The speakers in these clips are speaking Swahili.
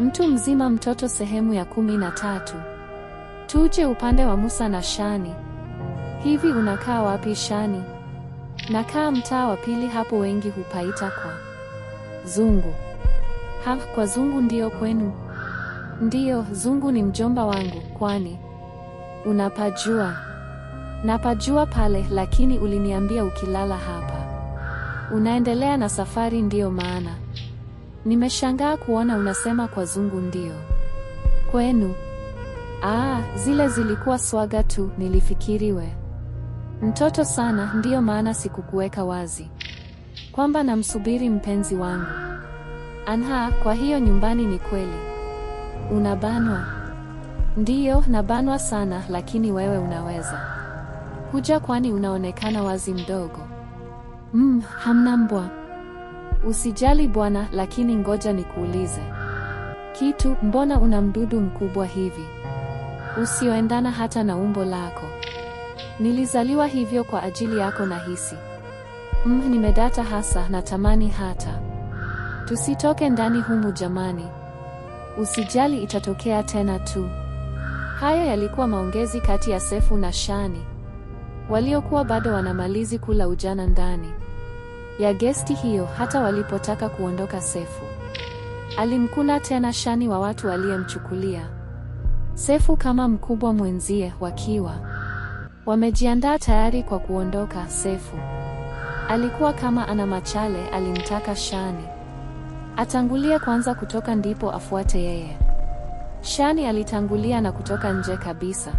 Mtu mzima mtoto sehemu ya kumi na tatu. Tuje upande wa Musa na Shani. Hivi unakaa wapi Shani? Nakaa mtaa wa pili hapo, wengi hupaita kwa Zungu. Ha, kwa Zungu ndiyo kwenu? Ndiyo, Zungu ni mjomba wangu. Kwani unapajua? Napajua pale, lakini uliniambia ukilala hapa. Unaendelea na safari, ndiyo maana Nimeshangaa kuona unasema kwa zungu ndio. Kwenu? Ah, zile zilikuwa swaga tu, nilifikiri we mtoto sana, ndiyo maana sikukuweka wazi kwamba namsubiri mpenzi wangu. Anha, kwa hiyo nyumbani ni kweli unabanwa? Ndiyo, nabanwa sana, lakini wewe unaweza kuja, kwani unaonekana wazi mdogo. Mm, hamna mbwa Usijali bwana, lakini ngoja nikuulize kitu. Mbona una mdudu mkubwa hivi usioendana hata na umbo lako? Nilizaliwa hivyo kwa ajili yako nahisi. Mm, nimedata hasa, natamani hata tusitoke ndani humu jamani. Usijali, itatokea tena tu. Hayo yalikuwa maongezi kati ya Sefu na Shani waliokuwa bado wanamalizi kula ujana ndani ya gesti hiyo hata walipotaka kuondoka Sefu. Alimkula tena shani wa watu waliyemchukulia Sefu kama mkubwa mwenzie wakiwa wamejiandaa tayari kwa kuondoka, Sefu alikuwa kama ana machale, alimtaka Shani atangulie kwanza kutoka ndipo afuate yeye. Shani alitangulia na kutoka nje kabisa,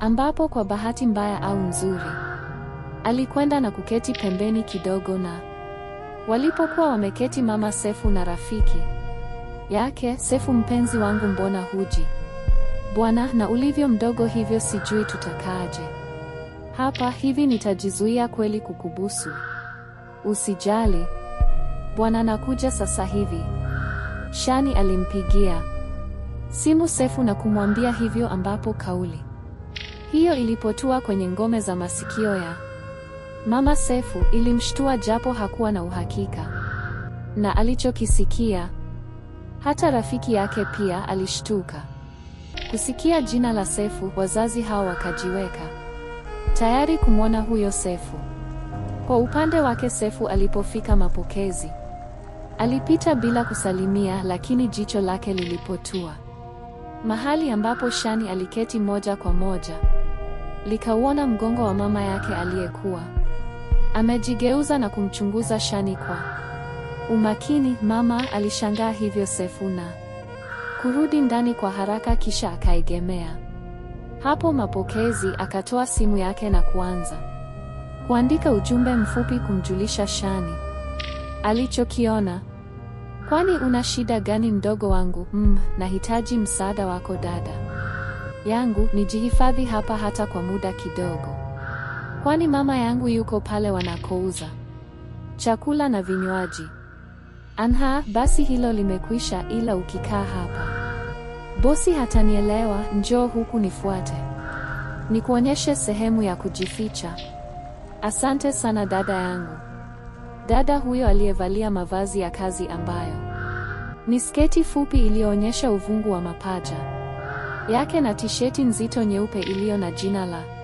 ambapo kwa bahati mbaya au nzuri Alikwenda na kuketi pembeni kidogo na walipokuwa wameketi mama Sefu na rafiki yake Sefu, mpenzi wangu, mbona huji bwana? Na ulivyo mdogo hivyo, sijui tutakaaje hapa hivi. Nitajizuia kweli kukubusu. Usijali bwana, nakuja sasa hivi. Shani alimpigia simu Sefu na kumwambia hivyo, ambapo kauli hiyo ilipotua kwenye ngome za masikio ya Mama Sefu ilimshtua japo hakuwa na uhakika na alichokisikia. Hata rafiki yake pia alishtuka kusikia jina la Sefu. Wazazi hao wakajiweka tayari kumwona huyo Sefu. Kwa upande wake, Sefu alipofika mapokezi alipita bila kusalimia, lakini jicho lake lilipotua mahali ambapo Shani aliketi moja kwa moja, likauona mgongo wa mama yake aliyekuwa Amejigeuza na kumchunguza Shani kwa umakini. Mama alishangaa hivyo sefuna kurudi ndani kwa haraka, kisha akaegemea hapo mapokezi, akatoa simu yake na kuanza kuandika ujumbe mfupi kumjulisha Shani alichokiona. Kwani una shida gani mdogo wangu? Mm, nahitaji msaada wako dada yangu, nijihifadhi hapa hata kwa muda kidogo kwani mama yangu yuko pale wanakouza chakula na vinywaji. Anha, basi hilo limekwisha, ila ukikaa hapa bosi hatanielewa. Njoo huku nifuate, nikuonyeshe sehemu ya kujificha. Asante sana dada yangu. Dada huyo aliyevalia mavazi ya kazi ambayo ni sketi fupi iliyoonyesha uvungu wa mapaja yake na tisheti nzito nyeupe iliyo na jina la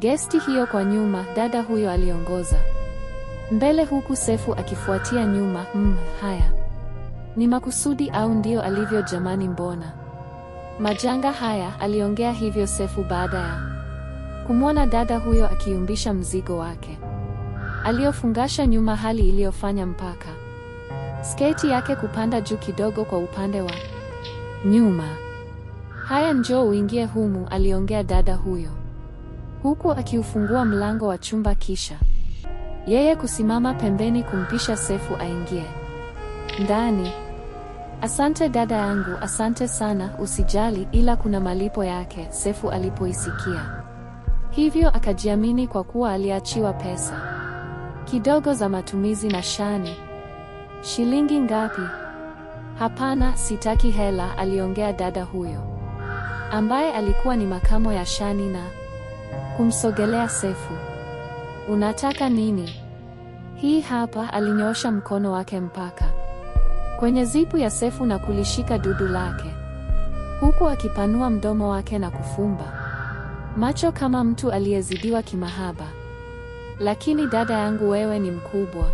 Gesti hiyo kwa nyuma, dada huyo aliongoza mbele, huku Sefu akifuatia nyuma. Mm, haya ni makusudi au ndio alivyo? Jamani, mbona majanga haya? Aliongea hivyo Sefu baada ya kumwona dada huyo akiumbisha mzigo wake aliofungasha nyuma, hali iliyofanya mpaka sketi yake kupanda juu kidogo kwa upande wa nyuma. Haya, njoo uingie humu, aliongea dada huyo huku akiufungua mlango wa chumba kisha yeye kusimama pembeni kumpisha Sefu aingie ndani. Asante dada yangu, asante sana, usijali, ila kuna malipo yake. Sefu alipoisikia hivyo akajiamini kwa kuwa aliachiwa pesa kidogo za matumizi na Shani. Shilingi ngapi? Hapana, sitaki hela, aliongea dada huyo ambaye alikuwa ni makamo ya Shani na Kumsogelea Sefu. Unataka nini? Hii hapa. Alinyoosha mkono wake mpaka kwenye zipu ya Sefu na kulishika dudu lake huku akipanua mdomo wake na kufumba macho kama mtu aliyezidiwa kimahaba. Lakini dada yangu, wewe ni mkubwa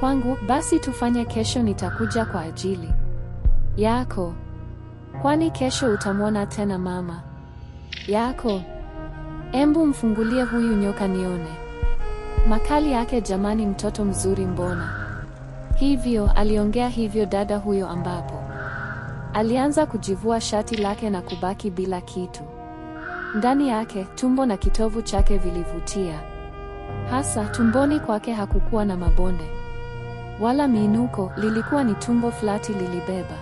kwangu. Basi tufanye kesho, nitakuja kwa ajili yako, kwani kesho utamwona tena mama yako. Embu mfungulie huyu nyoka nione makali yake. Jamani, mtoto mzuri mbona hivyo? Aliongea hivyo dada huyo, ambapo alianza kujivua shati lake na kubaki bila kitu ndani yake. Tumbo na kitovu chake vilivutia hasa. Tumboni kwake hakukuwa na mabonde wala miinuko, lilikuwa ni tumbo flati lilibeba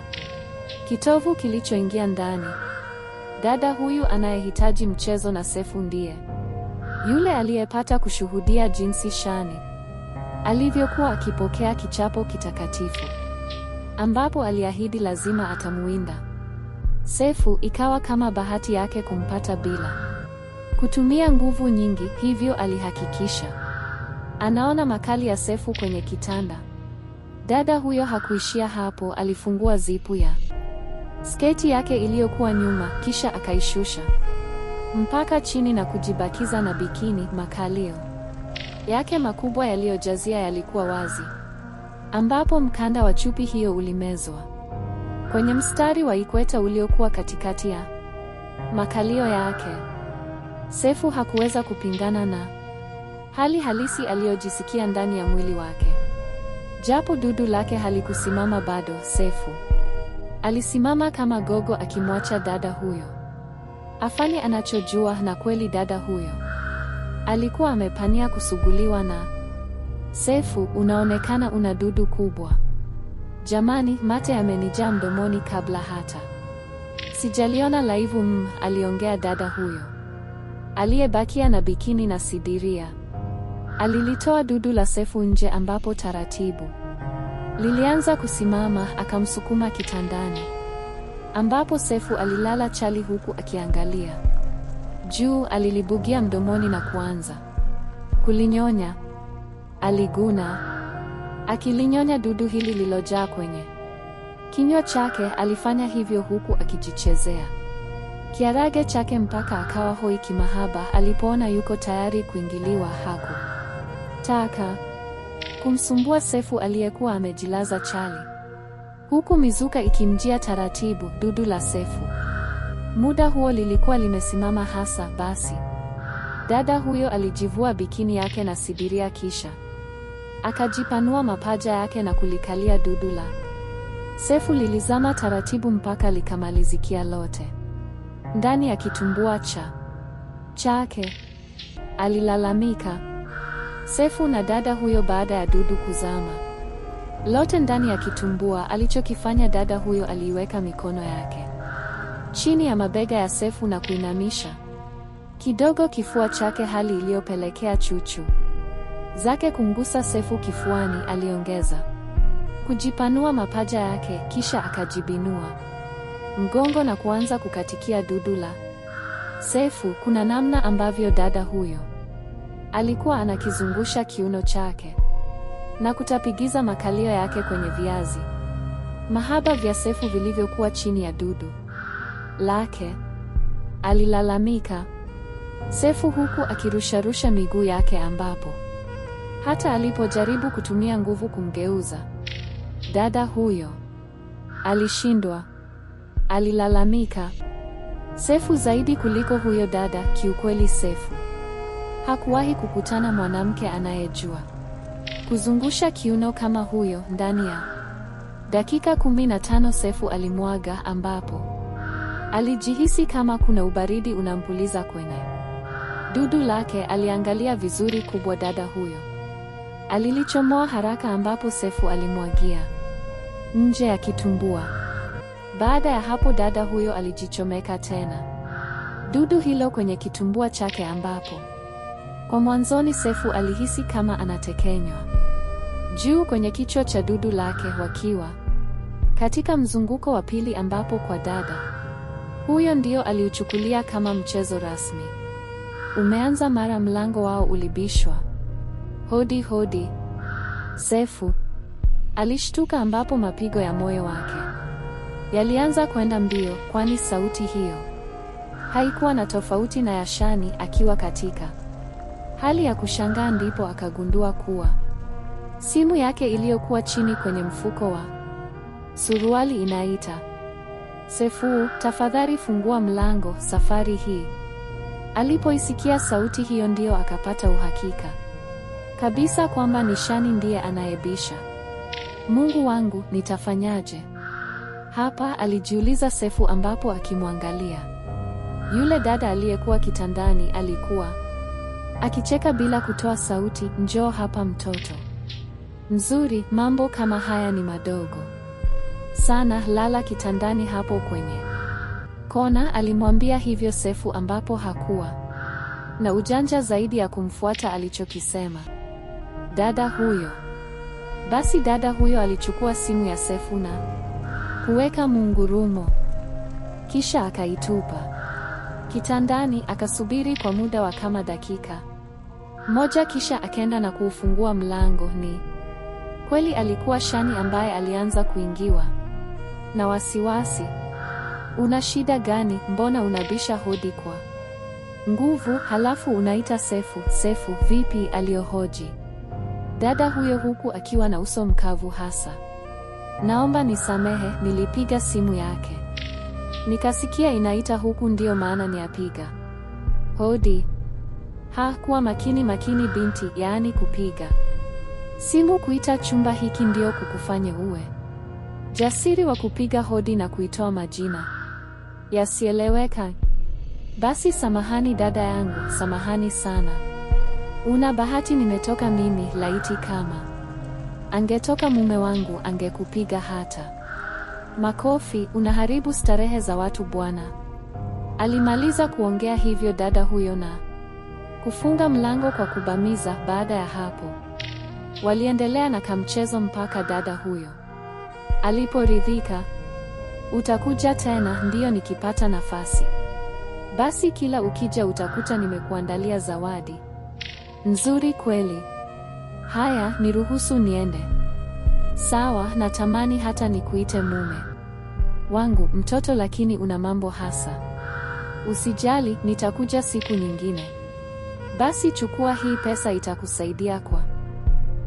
kitovu kilichoingia ndani. Dada huyu anayehitaji mchezo na Sefu ndiye yule aliyepata kushuhudia jinsi Shani alivyokuwa akipokea kichapo kitakatifu, ambapo aliahidi lazima atamuinda Sefu. Ikawa kama bahati yake kumpata bila kutumia nguvu nyingi, hivyo alihakikisha anaona makali ya Sefu kwenye kitanda. Dada huyo hakuishia hapo, alifungua zipu ya sketi yake iliyokuwa nyuma, kisha akaishusha mpaka chini na kujibakiza na bikini. Makalio yake makubwa yaliyojazia yalikuwa wazi, ambapo mkanda wa chupi hiyo ulimezwa kwenye mstari wa ikweta uliokuwa katikati ya makalio yake. Sefu hakuweza kupingana na hali halisi aliyojisikia ndani ya mwili wake, japo dudu lake halikusimama bado. Sefu Alisimama kama gogo akimwacha dada huyo afanye anachojua, na kweli dada huyo alikuwa amepania kusuguliwa na Sefu. Unaonekana una dudu kubwa jamani, mate yamenijaa mdomoni kabla hata sijaliona laivu. Mm, aliongea dada huyo aliyebakia na bikini na sidiria. Alilitoa dudu la Sefu nje ambapo taratibu Lilianza kusimama, akamsukuma kitandani, ambapo Sefu alilala chali huku akiangalia juu. Alilibugia mdomoni na kuanza kulinyonya. Aliguna, akilinyonya dudu hili lilojaa kwenye kinywa chake. Alifanya hivyo huku akijichezea kiarage chake mpaka akawa hoi kimahaba. Alipoona yuko tayari kuingiliwa, hako taka kumsumbua Sefu aliyekuwa amejilaza chali, huku mizuka ikimjia taratibu dudu la Sefu. Muda huo lilikuwa limesimama hasa. Basi dada huyo alijivua bikini yake na sibiria kisha akajipanua mapaja yake na kulikalia dudu la Sefu. Lilizama taratibu mpaka likamalizikia lote ndani ya kitumbua cha chake, alilalamika. Sefu na dada huyo baada ya Dudu kuzama. Lote ndani ya kitumbua alichokifanya dada huyo aliiweka mikono yake chini ya mabega ya Sefu na kuinamisha kidogo kifua chake, hali iliyopelekea chuchu zake kumgusa Sefu kifuani. Aliongeza kujipanua mapaja yake, kisha akajibinua mgongo na kuanza kukatikia dudu la Sefu. Kuna namna ambavyo dada huyo Alikuwa anakizungusha kiuno chake na kutapigiza makalio yake kwenye viazi mahaba vya Sefu vilivyokuwa chini ya dudu lake. Alilalamika Sefu huku akirusharusha miguu yake, ambapo hata alipojaribu kutumia nguvu kumgeuza dada huyo alishindwa. Alilalamika Sefu zaidi kuliko huyo dada, kiukweli Sefu Hakuwahi kukutana mwanamke anayejua kuzungusha kiuno kama huyo. Ndani ya dakika 15 Sefu alimwaga, ambapo alijihisi kama kuna ubaridi unampuliza kwenye dudu lake. Aliangalia vizuri kubwa, dada huyo alilichomoa haraka, ambapo Sefu alimwagia nje ya kitumbua. Baada ya hapo, dada huyo alijichomeka tena dudu hilo kwenye kitumbua chake ambapo kwa mwanzoni Sefu alihisi kama anatekenywa juu kwenye kichwa cha dudu lake, wakiwa katika mzunguko wa pili, ambapo kwa dada huyo ndio aliuchukulia kama mchezo rasmi umeanza. Mara mlango wao ulibishwa hodi hodi. Sefu alishtuka, ambapo mapigo ya moyo wake yalianza kwenda mbio, kwani sauti hiyo haikuwa na tofauti na Yashani akiwa katika Hali ya kushangaa ndipo akagundua kuwa simu yake iliyokuwa chini kwenye mfuko wa suruali inaita. Sefu, tafadhali fungua mlango safari hii. Alipoisikia sauti hiyo ndiyo akapata uhakika kabisa kwamba ni Shani ndiye anayebisha. Mungu wangu, nitafanyaje hapa? Alijiuliza Sefu ambapo akimwangalia yule dada aliyekuwa kitandani alikuwa akicheka bila kutoa sauti, njoo hapa mtoto mzuri. Mambo kama haya ni madogo sana, lala kitandani hapo kwenye kona, alimwambia hivyo Sefu, ambapo hakuwa na ujanja zaidi ya kumfuata alichokisema dada huyo. Basi dada huyo alichukua simu ya Sefu na kuweka mungurumo, kisha akaitupa kitandani, akasubiri kwa muda wa kama dakika moja kisha akenda na kuufungua mlango. Ni kweli alikuwa Shani ambaye alianza kuingiwa na wasiwasi. Una shida gani? Mbona unabisha hodi kwa nguvu halafu unaita Sefu? Sefu vipi? aliyohoji dada huyo huku akiwa na uso mkavu hasa. Naomba nisamehe, nilipiga simu yake nikasikia inaita huku, ndiyo maana niapiga hodi. Ha, kuwa makini makini binti, yaani kupiga simu kuita chumba hiki ndio kukufanye uwe jasiri wa kupiga hodi na kuitoa majina yasieleweka. Basi samahani dada yangu, samahani sana. Una bahati nimetoka mimi, laiti kama angetoka mume wangu angekupiga hata makofi. Unaharibu starehe za watu bwana. Alimaliza kuongea hivyo dada huyo na kufunga mlango kwa kubamiza. Baada ya hapo, waliendelea na kamchezo mpaka dada huyo aliporidhika. Utakuja tena? Ndiyo, nikipata nafasi. Basi kila ukija utakuta nimekuandalia zawadi nzuri. Kweli? Haya, niruhusu niende. Sawa, natamani hata nikuite mume wangu mtoto, lakini una mambo hasa. Usijali, nitakuja siku nyingine. Basi chukua hii pesa itakusaidia kwa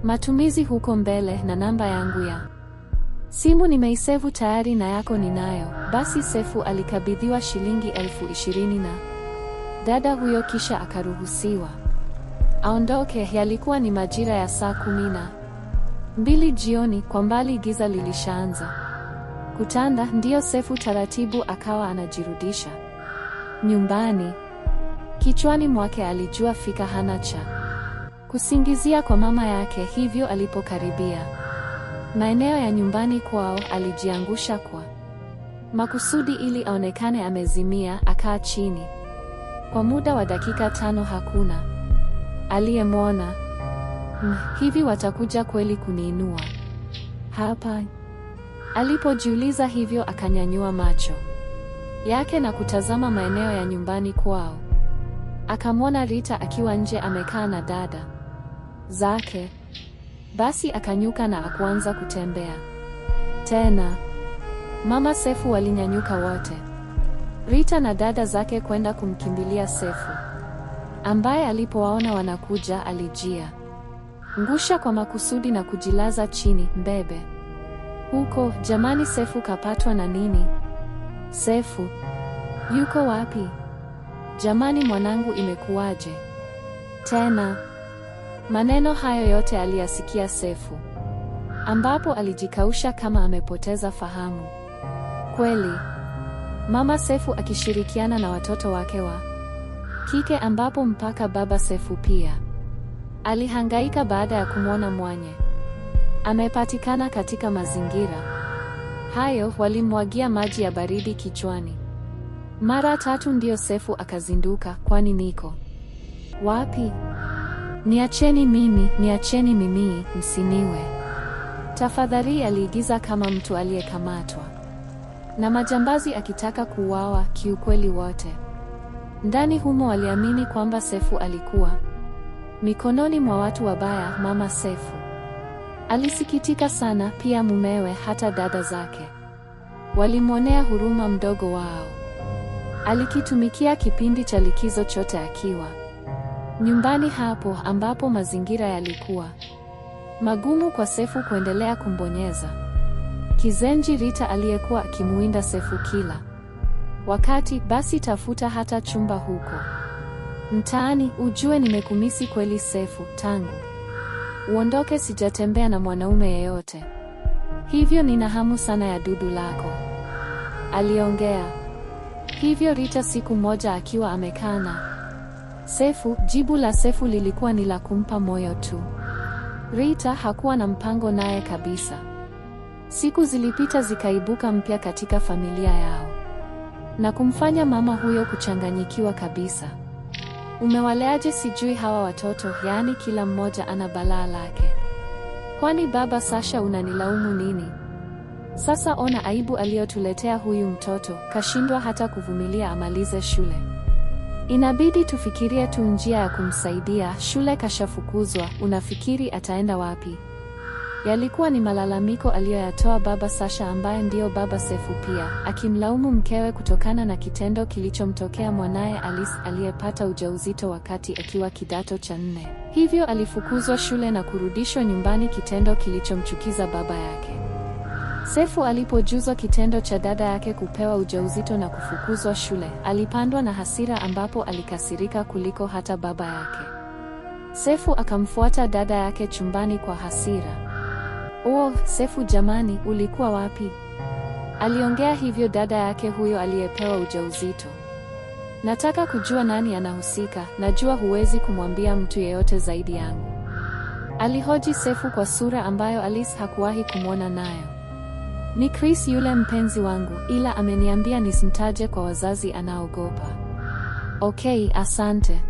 matumizi huko mbele na namba yangu ya simu nimeisevu tayari na yako ninayo. Basi Sefu alikabidhiwa shilingi elfu ishirini na dada huyo kisha akaruhusiwa aondoke. Yalikuwa ni majira ya saa kumi na mbili jioni. Kwa mbali giza lilishaanza kutanda, ndiyo Sefu taratibu akawa anajirudisha nyumbani. Kichwani mwake alijua fika hana cha kusingizia kwa mama yake, hivyo alipokaribia maeneo ya nyumbani kwao alijiangusha kwa makusudi ili aonekane amezimia. Akaa chini kwa muda wa dakika tano, hakuna aliyemwona. Mm, hivi watakuja kweli kuniinua hapa? Alipojiuliza hivyo, akanyanyua macho yake na kutazama maeneo ya nyumbani kwao. Akamwona Rita akiwa nje amekaa na dada zake. Basi akanyuka na akuanza kutembea tena. Mama Sefu walinyanyuka wote, Rita na dada zake, kwenda kumkimbilia Sefu ambaye alipowaona wanakuja alijia ngusha kwa makusudi na kujilaza chini mbebe. Huko jamani, Sefu kapatwa na nini? Sefu yuko wapi? Jamani mwanangu, imekuwaje tena? Maneno hayo yote aliyasikia Sefu, ambapo alijikausha kama amepoteza fahamu. Kweli mama Sefu akishirikiana na watoto wake wa kike, ambapo mpaka baba Sefu pia alihangaika baada ya kumwona mwanye amepatikana katika mazingira hayo. Walimwagia maji ya baridi kichwani. Mara tatu ndiyo Sefu akazinduka, kwani niko wapi? Niacheni mimi, niacheni mimi, msiniwe tafadhali, aliigiza kama mtu aliyekamatwa na majambazi akitaka kuuawa. Kiukweli wote ndani humo waliamini kwamba Sefu alikuwa mikononi mwa watu wabaya. Mama Sefu alisikitika sana, pia mumewe, hata dada zake walimwonea huruma mdogo wao. Alikitumikia kipindi cha likizo chote akiwa nyumbani hapo ambapo mazingira yalikuwa magumu kwa Sefu kuendelea kumbonyeza kizenji Rita aliyekuwa akimuinda Sefu kila wakati. Basi tafuta hata chumba huko mtaani, ujue nimekumisi kweli Sefu, tangu uondoke sijatembea na mwanaume yeyote, hivyo nina hamu sana ya dudu lako, aliongea. Hivyo Rita siku moja akiwa amekana Sefu, jibu la Sefu lilikuwa ni la kumpa moyo tu. Rita hakuwa na mpango naye kabisa. Siku zilipita zikaibuka mpya katika familia yao na kumfanya mama huyo kuchanganyikiwa kabisa. Umewaleaje sijui hawa watoto, yaani kila mmoja ana balaa lake. Kwani baba Sasha unanilaumu nini? Sasa ona aibu aliyotuletea huyu mtoto, kashindwa hata kuvumilia amalize shule. Inabidi tufikirie tu njia ya kumsaidia. Shule kashafukuzwa, unafikiri ataenda wapi? Yalikuwa ni malalamiko aliyoyatoa baba Sasha ambaye ndiyo baba Sefu pia, akimlaumu mkewe kutokana na kitendo kilichomtokea mwanaye Alice aliyepata ujauzito wakati akiwa kidato cha nne. Hivyo alifukuzwa shule na kurudishwa nyumbani, kitendo kilichomchukiza baba yake. Sefu alipojuzwa kitendo cha dada yake kupewa ujauzito na kufukuzwa shule, alipandwa na hasira ambapo alikasirika kuliko hata baba yake. Sefu akamfuata dada yake chumbani kwa hasira. Oh, Sefu jamani, ulikuwa wapi? Aliongea hivyo dada yake huyo aliyepewa ujauzito. Nataka kujua nani anahusika, najua huwezi kumwambia mtu yeyote zaidi yangu. Alihoji Sefu kwa sura ambayo Alice hakuwahi kumwona nayo. Ni Chris yule mpenzi wangu, ila ameniambia nisimtaje kwa wazazi, anaogopa. Okay, asante.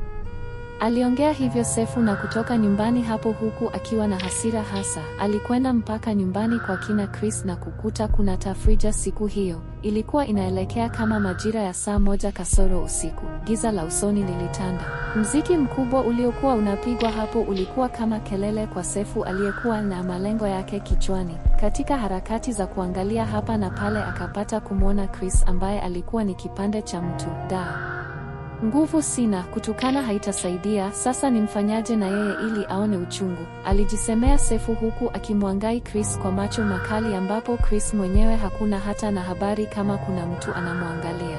Aliongea hivyo Sefu na kutoka nyumbani hapo huku akiwa na hasira hasa. Alikwenda mpaka nyumbani kwa kina Chris na kukuta kuna tafrija siku hiyo. Ilikuwa inaelekea kama majira ya saa moja kasoro usiku. Giza la usoni lilitanda. Mziki mkubwa uliokuwa unapigwa hapo ulikuwa kama kelele kwa Sefu aliyekuwa na malengo yake kichwani. Katika harakati za kuangalia hapa na pale akapata kumwona Chris ambaye alikuwa ni kipande cha mtu. Da. Nguvu sina, kutukana haitasaidia, sasa nimfanyaje na yeye ili aone uchungu, alijisemea Sefu huku akimwangai Chris kwa macho makali ambapo Chris mwenyewe hakuna hata na habari kama kuna mtu anamwangalia.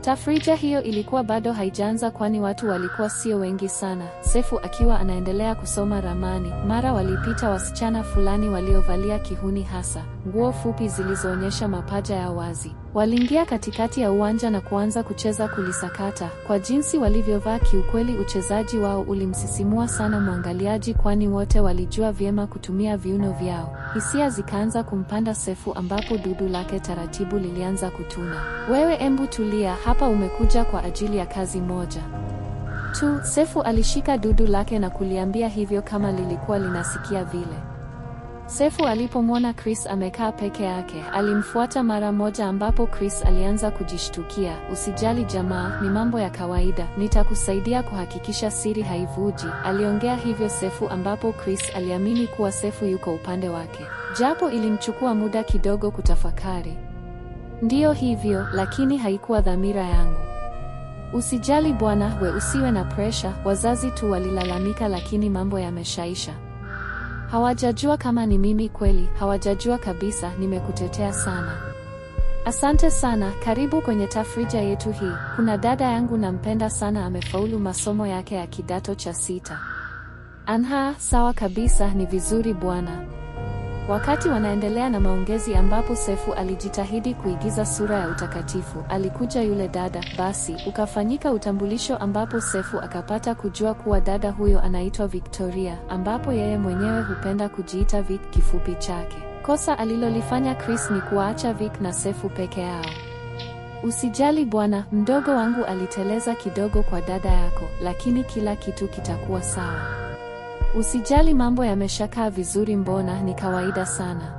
Tafrija hiyo ilikuwa bado haijaanza kwani watu walikuwa sio wengi sana. Sefu akiwa anaendelea kusoma ramani, mara walipita wasichana fulani waliovalia kihuni hasa nguo fupi zilizoonyesha mapaja ya wazi. Waliingia katikati ya uwanja na kuanza kucheza kulisakata. Kwa jinsi walivyovaa, kiukweli uchezaji wao ulimsisimua sana mwangaliaji, kwani wote walijua vyema kutumia viuno vyao. Hisia zikaanza kumpanda Sefu, ambapo dudu lake taratibu lilianza kutuna. Wewe embu tulia hapa, umekuja kwa ajili ya kazi moja tu. Sefu alishika dudu lake na kuliambia hivyo kama lilikuwa linasikia vile. Sefu alipomwona Chris amekaa peke yake, alimfuata mara moja ambapo Chris alianza kujishtukia, usijali jamaa, ni mambo ya kawaida, nitakusaidia kuhakikisha siri haivuji. Aliongea hivyo Sefu ambapo Chris aliamini kuwa Sefu yuko upande wake. Japo ilimchukua muda kidogo kutafakari. Ndiyo hivyo, lakini haikuwa dhamira yangu. Usijali bwana, we usiwe na presha, wazazi tu walilalamika lakini mambo yameshaisha. Hawajajua kama ni mimi kweli, hawajajua kabisa. Nimekutetea sana. Asante sana. Karibu kwenye tafrija yetu hii. Kuna dada yangu nampenda sana, amefaulu masomo yake ya kidato cha sita. Anha, sawa kabisa, ni vizuri bwana. Wakati wanaendelea na maongezi ambapo Sefu alijitahidi kuigiza sura ya utakatifu, alikuja yule dada, basi ukafanyika utambulisho ambapo Sefu akapata kujua kuwa dada huyo anaitwa Victoria, ambapo yeye mwenyewe hupenda kujiita Vic kifupi chake. Kosa alilolifanya Chris ni kuwaacha Vic na Sefu peke yao. Usijali bwana, mdogo wangu aliteleza kidogo kwa dada yako, lakini kila kitu kitakuwa sawa. Usijali, mambo yameshakaa vizuri, mbona ni kawaida sana.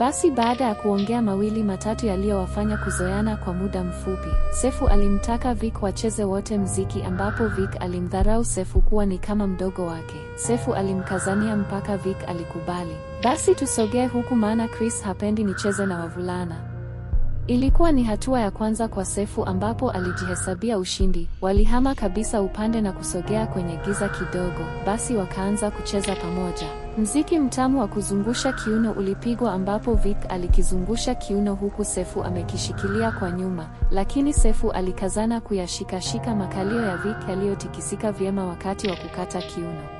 Basi baada ya kuongea mawili matatu yaliyowafanya kuzoeana kwa muda mfupi, Sefu alimtaka Vic wacheze wote mziki ambapo Vic alimdharau Sefu kuwa ni kama mdogo wake. Sefu alimkazania mpaka Vic alikubali. Basi tusogee huku maana Chris hapendi nicheze na wavulana. Ilikuwa ni hatua ya kwanza kwa Sefu ambapo alijihesabia ushindi. Walihama kabisa upande na kusogea kwenye giza kidogo. Basi wakaanza kucheza pamoja. Mziki mtamu wa kuzungusha kiuno ulipigwa ambapo Vic alikizungusha kiuno huku Sefu amekishikilia kwa nyuma, lakini Sefu alikazana kuyashikashika makalio ya Vic yaliyotikisika vyema wakati wa kukata kiuno.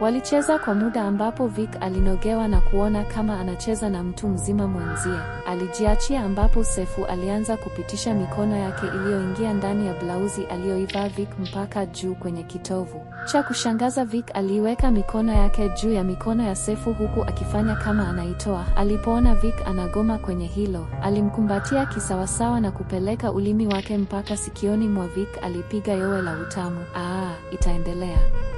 Walicheza kwa muda ambapo Vic alinogewa na kuona kama anacheza na mtu mzima mwenzie. Alijiachia ambapo Sefu alianza kupitisha mikono yake iliyoingia ndani ya blauzi aliyoivaa Vic mpaka juu kwenye kitovu. Cha kushangaza, Vic aliiweka mikono yake juu ya mikono ya Sefu huku akifanya kama anaitoa. Alipoona Vic anagoma kwenye hilo, alimkumbatia kisawasawa na kupeleka ulimi wake mpaka sikioni mwa Vic alipiga yowe la utamu. Ah, itaendelea.